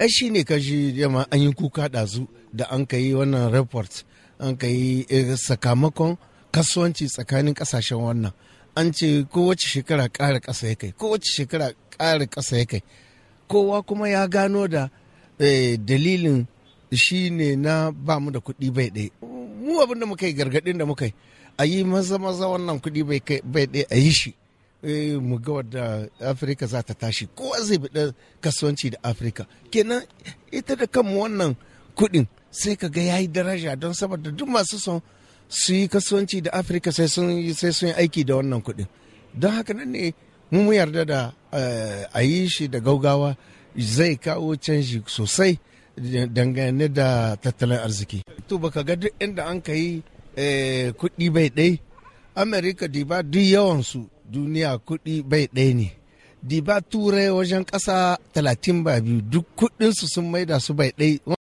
ai shi ne kashi yamma an yi kuka ɗazu da an ka yi wannan report an ka yi eh, sakamakon kasuwanci tsakanin kasashen wannan an ce kowace shekara ƙara ƙasa ya kai kowace shekara ƙara ƙasa ya kai kowa kuma ya gano da eh, dalilin shi ne na ba mu da kuɗi bai ɗaya mu abin da muka yi gargaɗin da muka yi a yi maza maza wannan kuɗi bai ɗaya a yi shi Eh, mu ga wadda afirka za ta tashi kowa zai da kasuwanci da afirka kenan ita da kanmu wannan kuɗin sai ka ga yayi daraja don saboda duk masu son su yi kasuwanci da afirka sai sun yi aiki da wannan kuɗi don haka nan ne mu yarda da eh, a yi shi da gaugawa zai kawo canji sosai dangane da tattalin arziki. To baka ga duk inda an ka yi eh, kuɗi bai dai Amerika diba duk yawansu duniya kuɗi bai ɗaya ne ba turai wajen ƙasa talatin ba biyu duk kuɗinsu sun maida su bai ɗaya